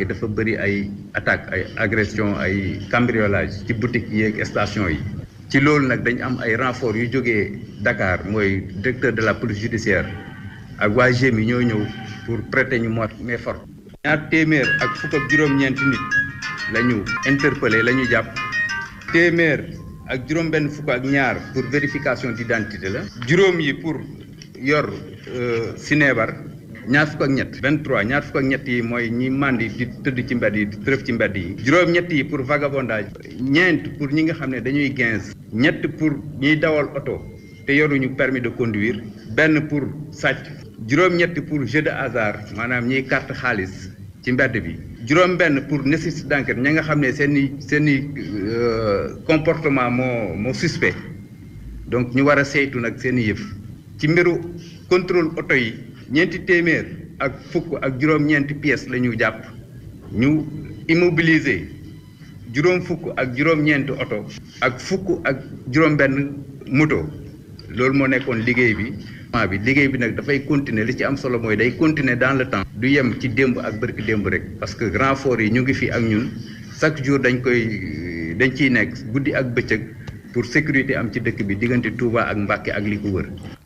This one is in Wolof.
attaqué dafa bëri ay attaque ay agression ay cambriolage ci boutique yeeg station yi ci loolu nag dañu am ay renfort yu jógee dakaar mooy directeur de la police judiciaire ak waa yi ñoo ñëw pour prêter ñu main forte ñaar téeméer ak fukk ak juróom-ñeenti nit la ñu interpellé la ñu jàpp téeméer ak juróom-benn fukk ak ñaar pour vérification d'identité la juróom yi pour yor sineebar euh, ñaar fukk ak ñett vingt-trois ñaar fukk ñett yi mooy ñi màndi di tëdd ci mbedd yi di tërëf ci mbedd yi juróom-ñett yi pour vagabondage ñeent pour ñi nga xam ne dañuy quinze ñett pour ñiy dawal oto te yoruñu permis de conduire benn pour sàcc juróom-ñett pour jeu de hasard maanaam ñiy carte xaalis ci mbedd bi juróom benn pour nécessité d'enquête ña nga xam ne seen i seen i euh, comportement moo moo suspect donc ñu war a saytu nag seen i yëf ci mbiru contrôle oto yi ñeenti téeméer ak fukk ak juróom-ñeenti pièces la ñu jàpp ñu immobiliser juróom fukk ak juróom-ñeenti oto ak fukk ak juróom-benn moto loolu moo nekkoon liggéey bi. maa bi liggéey bi nag dafay continuer li ci am solo mooy day continuer dans le temps. du yem ci démb ak bërki démb rek parce que renforts yi ñu ngi fi ak ñun chaque jour dañ koy dañ ciy nekk guddi ak bëccëg pour sécurité am ci dëkk bi diggante Touba ak Mbacké ak li ko wër.